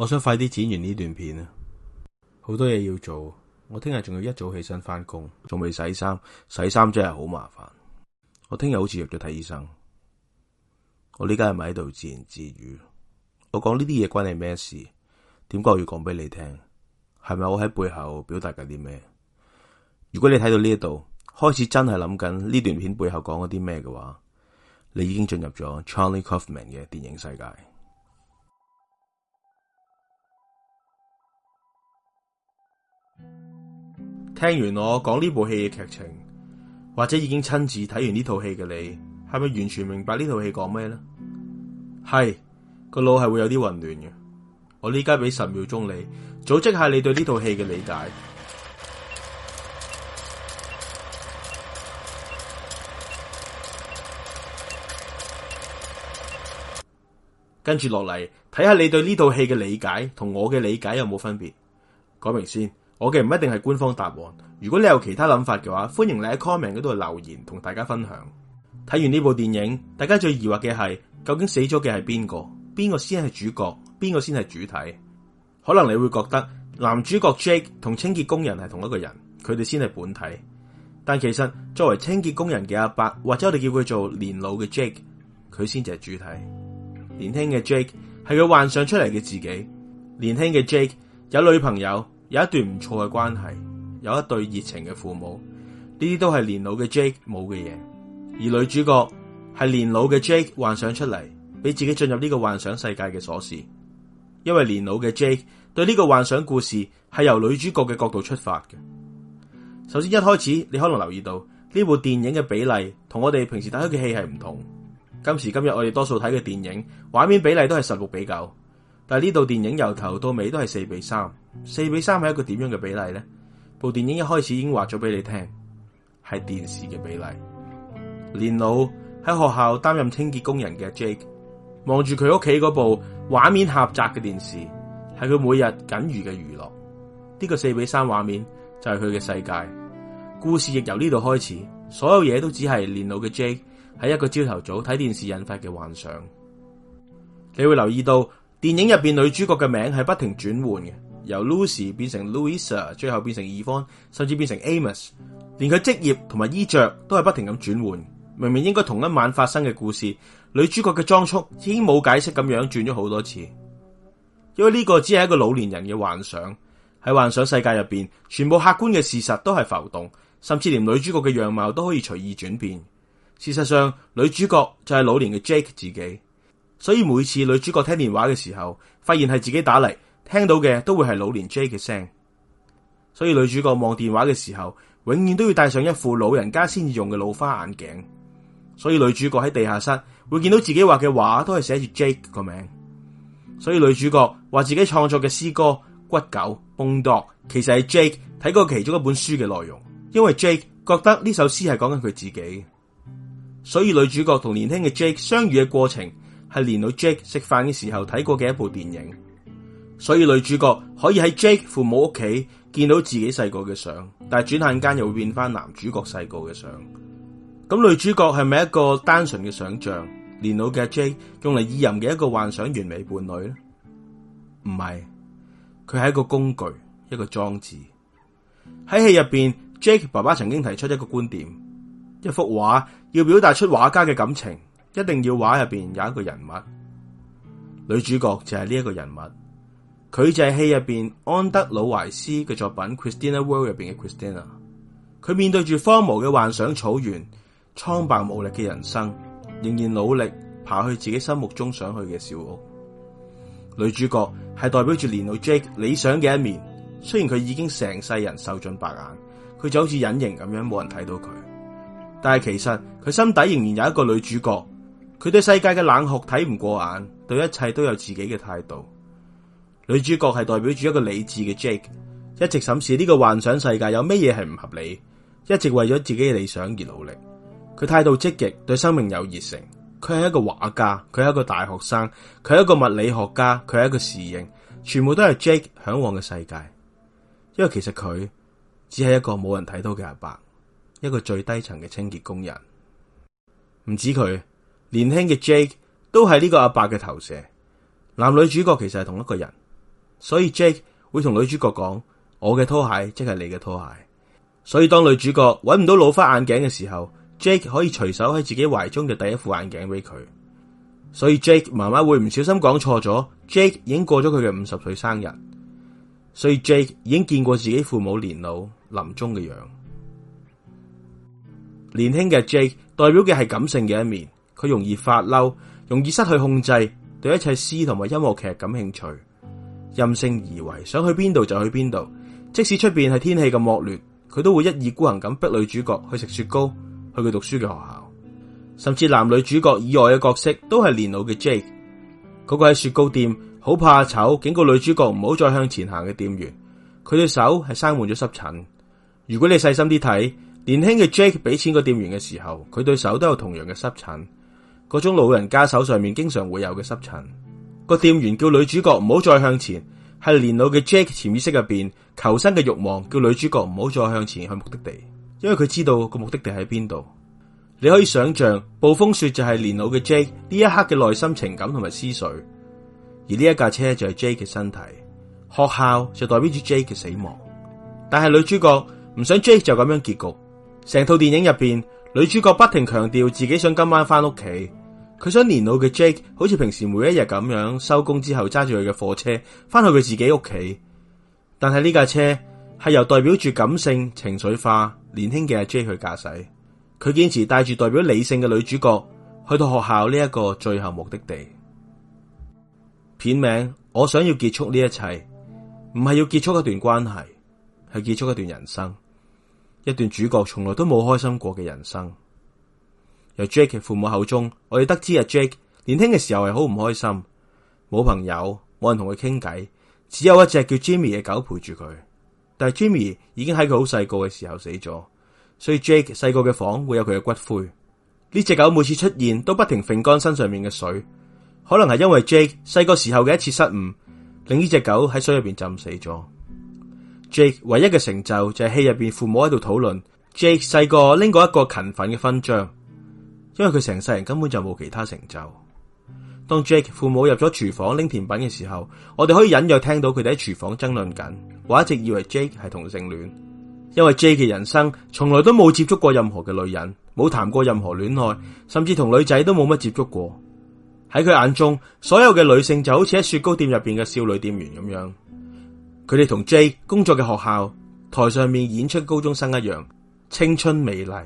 我想快啲剪完呢段片啊！好多嘢要做，我聽日仲要一早起身翻工，仲未洗衫，洗衫真係好麻煩。我聽日好似入咗睇醫生，我呢家係咪喺度自言自語？我講呢啲嘢關你咩事？點解我要講俾你聽？係咪我喺背後表達緊啲咩？如果你睇到呢一度開始真係諗緊呢段片背後講咗啲咩嘅話，你已經進入咗 Charlie Kaufman 嘅電影世界。聽完我講呢部戲嘅劇情，或者已經親自睇完呢套戲嘅你，係咪完全明白呢套戲講咩呢？係個腦係會有啲混亂嘅。我呢家俾十秒鐘你，組織下你對呢套戲嘅理解。跟住落嚟，睇下看看你對呢套戲嘅理解同我嘅理解有冇分別？講明先。我嘅唔一定係官方答案。如果你有其他諗法嘅話，歡迎你喺 comment 嗰度留言同大家分享。睇完呢部電影，大家最疑惑嘅係究竟死咗嘅係邊個？邊個先係主角？邊個先係主體？可能你會覺得男主角 Jake 同清潔工人係同一個人，佢哋先係本體。但其實作為清潔工人嘅阿伯，或者我哋叫佢做年老嘅 Jake，佢先至係主體。年輕嘅 Jake 係佢幻想出嚟嘅自己。年輕嘅 Jake 有女朋友。有一段唔錯嘅關係，有一對熱情嘅父母，呢啲都係年老嘅 Jake 冇嘅嘢，而女主角係年老嘅 Jake 幻想出嚟，俾自己進入呢個幻想世界嘅鎖匙，因為年老嘅 Jake 對呢個幻想故事係由女主角嘅角度出發嘅。首先一開始，你可能留意到呢部電影嘅比例同我哋平時睇嘅戲係唔同，今時今日我哋多數睇嘅電影畫面比例都係十六比九。但呢部電影由頭到尾都係四比三，四比三係一個點樣嘅比例呢？部電影一開始已經話咗俾你聽，係電視嘅比例。年老喺學校擔任清潔工人嘅 Jake 望住佢屋企嗰部畫面狹窄嘅電視，係佢每日僅餘嘅娛樂。呢個四比三畫面就係佢嘅世界。故事亦由呢度開始，所有嘢都只係年老嘅 Jake 喺一個朝頭早睇電視引發嘅幻想。你會留意到。電影入邊女主角嘅名係不停轉換嘅，由 Lucy 變成 Louisa，最後變成怡芳，甚至變成 Amos。連佢職業同埋衣着都係不停咁轉換。明明應該同一晚發生嘅故事，女主角嘅裝束已經冇解釋咁樣轉咗好多次。因為呢個只係一個老年人嘅幻想，喺幻想世界入邊，全部客觀嘅事實都係浮動，甚至連女主角嘅樣貌都可以隨意轉變。事實上，女主角就係老年嘅 Jake 自己。所以每次女主角聽電話嘅時候，發現係自己打嚟，聽到嘅都會係老年 Jake 嘅聲。所以女主角望電話嘅時候，永遠都要戴上一副老人家先至用嘅老花眼鏡。所以女主角喺地下室會見到自己畫嘅畫都係寫住 Jake 個名。所以女主角話自己創作嘅詩歌骨狗 Bone Dog，其實係 Jake 睇過其中一本書嘅內容。因為 Jake 覺得呢首詩係講緊佢自己，所以女主角同年輕嘅 Jake 相遇嘅過程。係連老 Jake 食飯嘅時候睇過嘅一部電影，所以女主角可以喺 Jake 父母屋企見到自己細個嘅相，但係轉眼間又會變翻男主角細個嘅相。咁女主角係咪一個單純嘅想象，連老嘅 Jake 用嚟意淫嘅一個幻想完美伴侶咧？唔係，佢係一個工具，一個裝置。喺戲入邊，Jake 爸爸曾經提出一個觀點：一幅畫要表達出畫家嘅感情。一定要畫入邊有一個人物，女主角就係呢一個人物。佢就係戲入邊安德魯懷斯嘅作品《Christina World》入邊嘅 Christina。佢面對住荒蕪嘅幻想草原、蒼白無力嘅人生，仍然努力爬去自己心目中想去嘅小屋。女主角係代表住年老 Jake 理想嘅一面。雖然佢已經成世人受盡白眼，佢就好似隱形咁樣冇人睇到佢。但係其實佢心底仍然有一個女主角。佢對世界嘅冷酷睇唔過眼，對一切都有自己嘅態度。女主角係代表住一個理智嘅 Jake，一直審視呢個幻想世界有咩嘢係唔合理，一直為咗自己嘅理想而努力。佢態度積極，對生命有熱誠。佢係一個畫家，佢係一個大學生，佢係一個物理學家，佢係一個侍應，全部都係 Jake 嚮往嘅世界。因為其實佢只係一個冇人睇到嘅阿伯，一個最低層嘅清潔工人。唔止佢。年輕嘅 Jake 都係呢個阿伯嘅投射，男女主角其實係同一個人，所以 Jake 會同女主角講，我嘅拖鞋即係你嘅拖鞋。所以當女主角揾唔到老花眼鏡嘅時候，Jake 可以隨手喺自己懷中嘅第一副眼鏡俾佢。所以 Jake 媽媽會唔小心講錯咗，Jake 已經過咗佢嘅五十歲生日，所以 Jake 已經見過自己父母年老臨終嘅樣。年輕嘅 Jake 代表嘅係感性嘅一面。佢容易發嬲，容易失去控制，對一切詩同埋音樂劇感興趣，任性而為，想去邊度就去邊度。即使出邊係天氣咁惡劣，佢都會一意孤行咁逼女主角去食雪糕，去佢讀書嘅學校。甚至男女主角以外嘅角色都係年老嘅 Jake。嗰個喺雪糕店，好怕醜，警告女主角唔好再向前行嘅店員，佢對手係生滿咗濕疹。如果你細心啲睇，年輕嘅 Jake 俾錢個店員嘅時候，佢對手都有同樣嘅濕疹。嗰種老人家手上面經常會有嘅濕疹。個店員叫女主角唔好再向前，係年老嘅 Jack 潛意識入邊求生嘅欲望，叫女主角唔好再向前去目的地，因為佢知道個目的地喺邊度。你可以想象，暴風雪就係年老嘅 Jack 呢一刻嘅內心情感同埋思緒，而呢一架車就係 Jack 嘅身體，學校就代表住 Jack 嘅死亡，但係女主角唔想 Jack 就咁樣結局。成套電影入邊，女主角不停強調自己想今晚翻屋企。佢想年老嘅 Jake 好似平時每一日咁樣收工之後揸住佢嘅貨車翻去佢自己屋企，但係呢架車係由代表住感性、情緒化、年輕嘅阿 Jake 去駕駛，佢堅持帶住代表理性嘅女主角去到學校呢一個最後目的地。片名，我想要結束呢一切，唔係要結束一段關係，係結束一段人生，一段主角從來都冇開心過嘅人生。由 Jake 嘅父母口中，我哋得知阿 Jake 年輕嘅時候係好唔開心，冇朋友，冇人同佢傾偈，只有一隻叫 Jimmy 嘅狗陪住佢。但係 Jimmy 已經喺佢好細個嘅時候死咗，所以 Jake 細個嘅房會有佢嘅骨灰。呢隻狗每次出現都不停揈乾身上面嘅水，可能係因為 Jake 細個時候嘅一次失誤，令呢隻狗喺水入邊浸死咗。Jake 唯一嘅成就就係戲入邊父母喺度討論，Jake 細個拎過一個勤奮嘅勳章。因為佢成世人根本就冇其他成就。當 Jake 父母入咗廚房拎甜品嘅時候，我哋可以隱約聽到佢哋喺廚房爭論緊。我一直以為 Jake 係同性戀，因為 Jake 嘅人生從來都冇接觸過任何嘅女人，冇談過任何戀愛，甚至同女仔都冇乜接觸過。喺佢眼中，所有嘅女性就好似喺雪糕店入邊嘅少女店員咁樣，佢哋同 Jake 工作嘅學校台上面演出高中生一樣，青春美麗。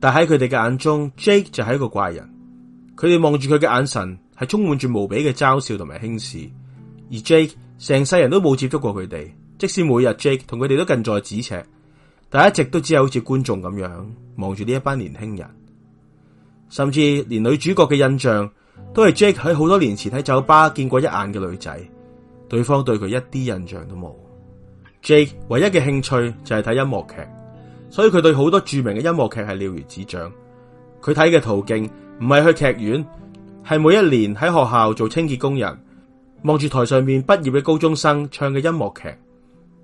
但喺佢哋嘅眼中，Jake 就係一個怪人。佢哋望住佢嘅眼神係充滿住無比嘅嘲笑同埋輕視。而 Jake 成世人都冇接觸過佢哋，即使每日 Jake 同佢哋都近在咫尺，但一直都只有好似觀眾咁樣望住呢一班年輕人。甚至連女主角嘅印象都係 Jake 喺好多年前喺酒吧見過一眼嘅女仔，對方對佢一啲印象都冇。Jake 唯一嘅興趣就係睇音樂劇。所以佢對好多著名嘅音樂劇係了如指掌。佢睇嘅途徑唔係去劇院，係每一年喺學校做清潔工人，望住台上面畢業嘅高中生唱嘅音樂劇，《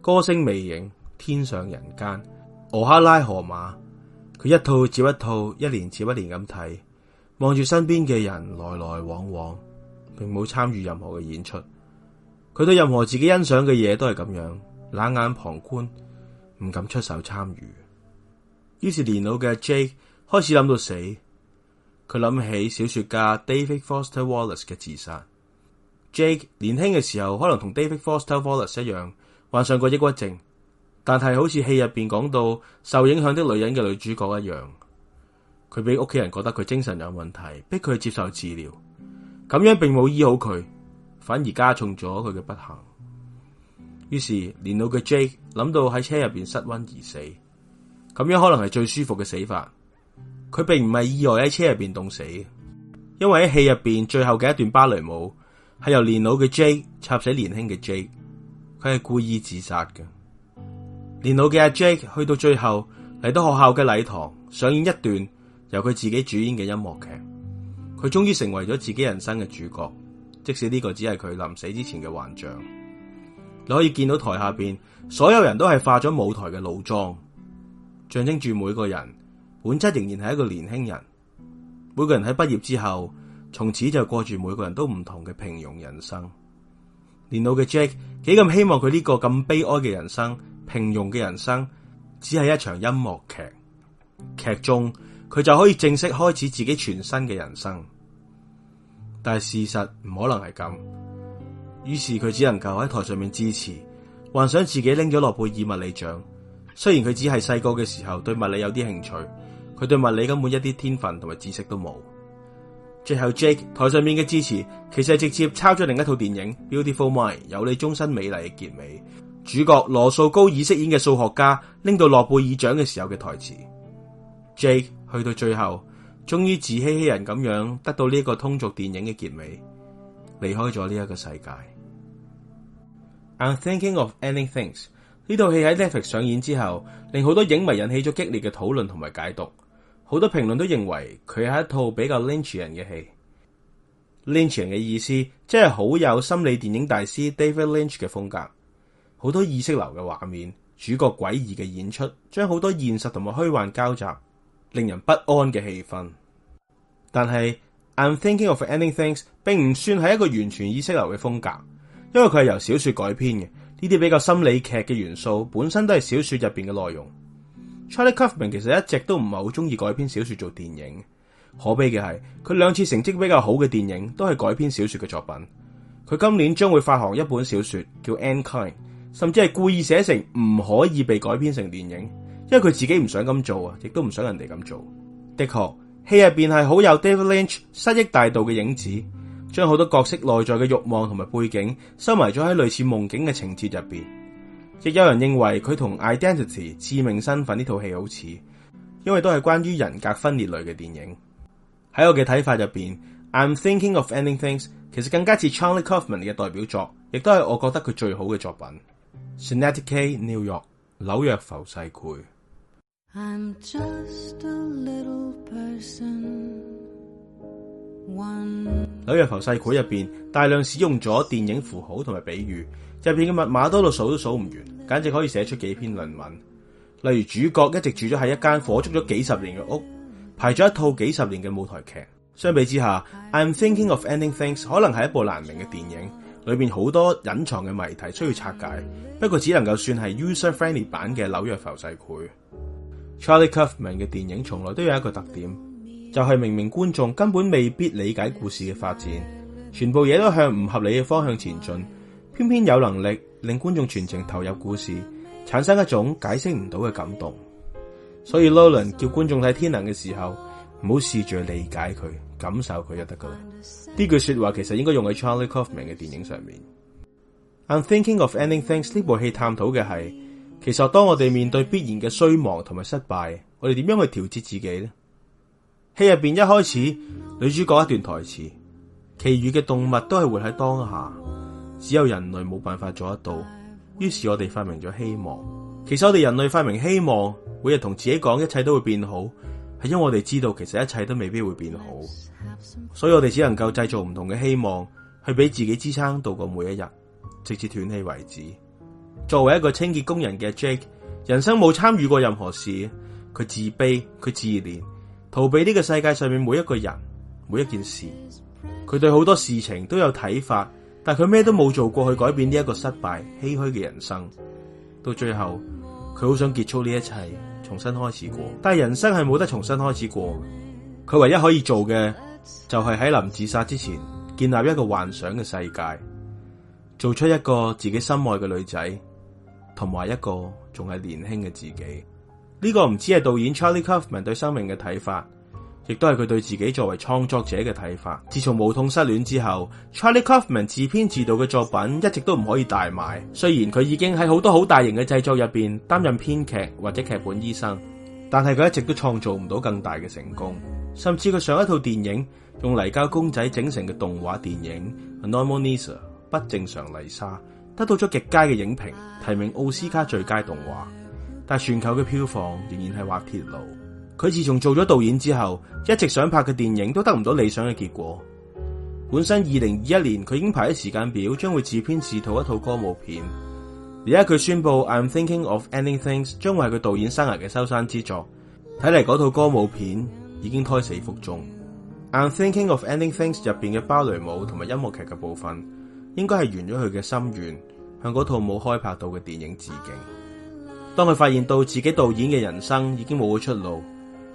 歌聲魅影》《天上人間》《奧克拉荷馬》，佢一套接一套，一年接一年咁睇，望住身邊嘅人來來往往，並冇參與任何嘅演出。佢對任何自己欣賞嘅嘢都係咁樣冷眼旁觀，唔敢出手參與。於是年老嘅 Jake 開始諗到死，佢諗起小說家 David Foster Wallace 嘅自殺。Jake 年輕嘅時候可能同 David Foster Wallace 一樣患上過抑鬱症，但係好似戲入邊講到受影響的女人嘅女主角一樣，佢俾屋企人覺得佢精神有問題，逼佢接受治療，咁樣並冇醫好佢，反而加重咗佢嘅不幸。於是年老嘅 Jake 諗到喺車入邊失溫而死。咁樣可能係最舒服嘅死法。佢並唔係意外喺車入邊凍死，因為喺戲入邊最後嘅一段芭蕾舞係由年老嘅 J 插死年輕嘅 J，佢係故意自殺嘅。年老嘅阿 J 去到最後，嚟到學校嘅禮堂，上演一段由佢自己主演嘅音樂劇，佢終於成為咗自己人生嘅主角，即使呢個只係佢臨死之前嘅幻象。你可以見到台下邊所有人都係化咗舞台嘅老妝。象徵住每個人，本質仍然係一個年輕人。每個人喺畢業之後，從此就過住每個人都唔同嘅平庸人生。年老嘅 Jack 幾咁希望佢呢個咁悲哀嘅人生，平庸嘅人生，只係一場音樂劇，劇中佢就可以正式開始自己全新嘅人生。但係事實唔可能係咁，於是佢只能夠喺台上面支持，幻想自己拎咗諾貝爾物理獎。雖然佢只係細個嘅時候對物理有啲興趣，佢對物理根本一啲天分同埋知識都冇。最後，Jake 台上面嘅支持其實係直接抄咗另一套電影《Beautiful Mind》，有你終身美麗嘅結尾。主角羅素高爾飾演嘅數學家拎到諾貝爾獎嘅時候嘅台詞，Jake 去到最後終於自欺欺人咁樣得到呢一個通俗電影嘅結尾，離開咗呢一個世界。I'm thinking of anything. 呢套戲喺 Netflix 上演之後，令好多影迷引起咗激烈嘅討論同埋解讀。好多評論都認為佢係一套比較 Lynchian 嘅戲。Lynchian 嘅意思，即係好有心理電影大師 David Lynch 嘅風格。好多意識流嘅畫面，主角詭異嘅演出，將好多現實同埋虛幻交集，令人不安嘅氣氛。但係 I'm thinking of ending things，並唔算係一個完全意識流嘅風格，因為佢係由小說改編嘅。呢啲比較心理劇嘅元素，本身都係小説入邊嘅內容。Charlie Kaufman 其實一直都唔係好中意改編小説做電影，可悲嘅係佢兩次成績比較好嘅電影都係改編小説嘅作品。佢今年將會發行一本小説叫《An Kind》，甚至係故意寫成唔可以被改編成電影，因為佢自己唔想咁做啊，亦都唔想人哋咁做。的確，戲入邊係好有 David Lynch 失憶大道嘅影子。將好多角色內在嘅欲望同埋背景收埋咗喺類似夢境嘅情節入邊，亦有人認為佢同《Identity 致命身份》呢套戲好似，因為都係關於人格分裂類嘅電影。喺我嘅睇法入邊，《I'm Thinking of Ending Things》其實更加似 Charlie Kaufman 嘅代表作，亦都係我覺得佢最好嘅作品。Synecdoche, New York，紐約浮世繪。I'm just a little person 紐約浮世繪入邊大量使用咗電影符號同埋比喻，入邊嘅密碼多到數都數唔完，簡直可以寫出幾篇論文。例如主角一直住咗喺一間火燭咗幾十年嘅屋，排咗一套幾十年嘅舞台劇。相比之下，I'm Thinking of Ending Things 可能係一部難明嘅電影，裏邊好多隱藏嘅謎題需要拆解。不過只能夠算係 user friendly 版嘅紐約浮世繪。Charlie Kaufman 嘅電影從來都有一個特點。就係明明觀眾根本未必理解故事嘅發展，全部嘢都向唔合理嘅方向前進，偏偏有能力令觀眾全程投入故事，產生一種解釋唔到嘅感動。所以 Low 倫叫觀眾睇天能嘅時候，唔好試着理解佢，感受佢就得噶啦。呢句說話其實應該用喺 Charlie Kaufman 嘅電影上面。I'm thinking of ending things 呢部戲探討嘅係，其實當我哋面對必然嘅衰亡同埋失敗，我哋點樣去調節自己呢？戲入邊一開始，女主角一段台詞，其餘嘅動物都係活喺當下，只有人類冇辦法做得到。於是我哋發明咗希望。其實我哋人類發明希望，每日同自己講一切都會變好，係因為我哋知道其實一切都未必會變好，所以我哋只能夠製造唔同嘅希望去俾自己支撐度過每一日，直至斷氣為止。作為一個清潔工人嘅 Jake，人生冇參與過任何事，佢自卑，佢自憐。逃避呢個世界上面每一個人、每一件事，佢對好多事情都有睇法，但佢咩都冇做過去改變呢一個失敗、唏噓嘅人生。到最後，佢好想結束呢一切，重新開始過。但係人生係冇得重新開始過，佢唯一可以做嘅就係喺臨自殺之前建立一個幻想嘅世界，做出一個自己心愛嘅女仔，同埋一個仲係年輕嘅自己。呢個唔止係導演 Charlie Kaufman 對生命嘅睇法，亦都係佢對自己作為創作者嘅睇法。自從無痛失戀之後，Charlie Kaufman 自編自導嘅作品一直都唔可以大賣。雖然佢已經喺好多好大型嘅製作入邊擔任編劇或者劇本醫生，但係佢一直都創造唔到更大嘅成功。甚至佢上一套電影用泥膠公仔整成嘅動畫電影《Anomalisa》不正常麗莎，得到咗極佳嘅影評，提名奧斯卡最佳動畫。但係全球嘅票房仍然係滑鐵盧。佢自從做咗導演之後，一直想拍嘅電影都得唔到理想嘅結果。本身二零二一年佢已經排咗時間表，將會自編自導一套歌舞片。而家佢宣布《I'm Thinking of Ending Things》將會係佢導演生涯嘅收山之作。睇嚟嗰套歌舞片已經胎死腹中。《I'm Thinking of Ending Things》入邊嘅芭蕾舞同埋音樂劇嘅部分，應該係圓咗佢嘅心願，向嗰套冇開拍到嘅電影致敬。當佢發現到自己導演嘅人生已經冇咗出路，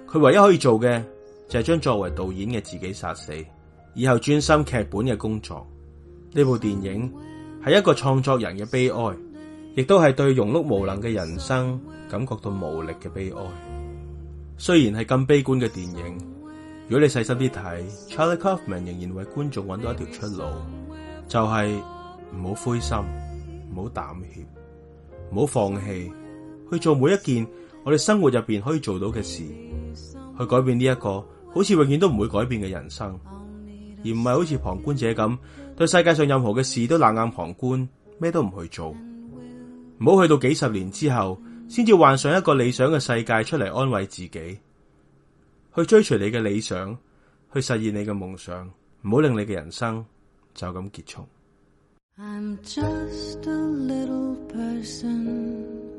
佢唯一可以做嘅就係將作為導演嘅自己殺死，以後專心劇本嘅工作。呢部電影係一個創作人嘅悲哀，亦都係對庸碌無能嘅人生感覺到無力嘅悲哀。雖然係咁悲觀嘅電影，如果你細心啲睇，Charlie Kaufman 仍然為觀眾揾到一條出路，就係唔好灰心，唔好膽怯，唔好放棄。去做每一件我哋生活入邊可以做到嘅事，去改變呢一個好似永遠都唔會改變嘅人生，而唔係好似旁觀者咁對世界上任何嘅事都冷眼旁觀，咩都唔去做，唔好去到幾十年之後先至幻想一個理想嘅世界出嚟安慰自己，去追隨你嘅理想，去實現你嘅夢想，唔好令你嘅人生就咁結束。I'm just a little person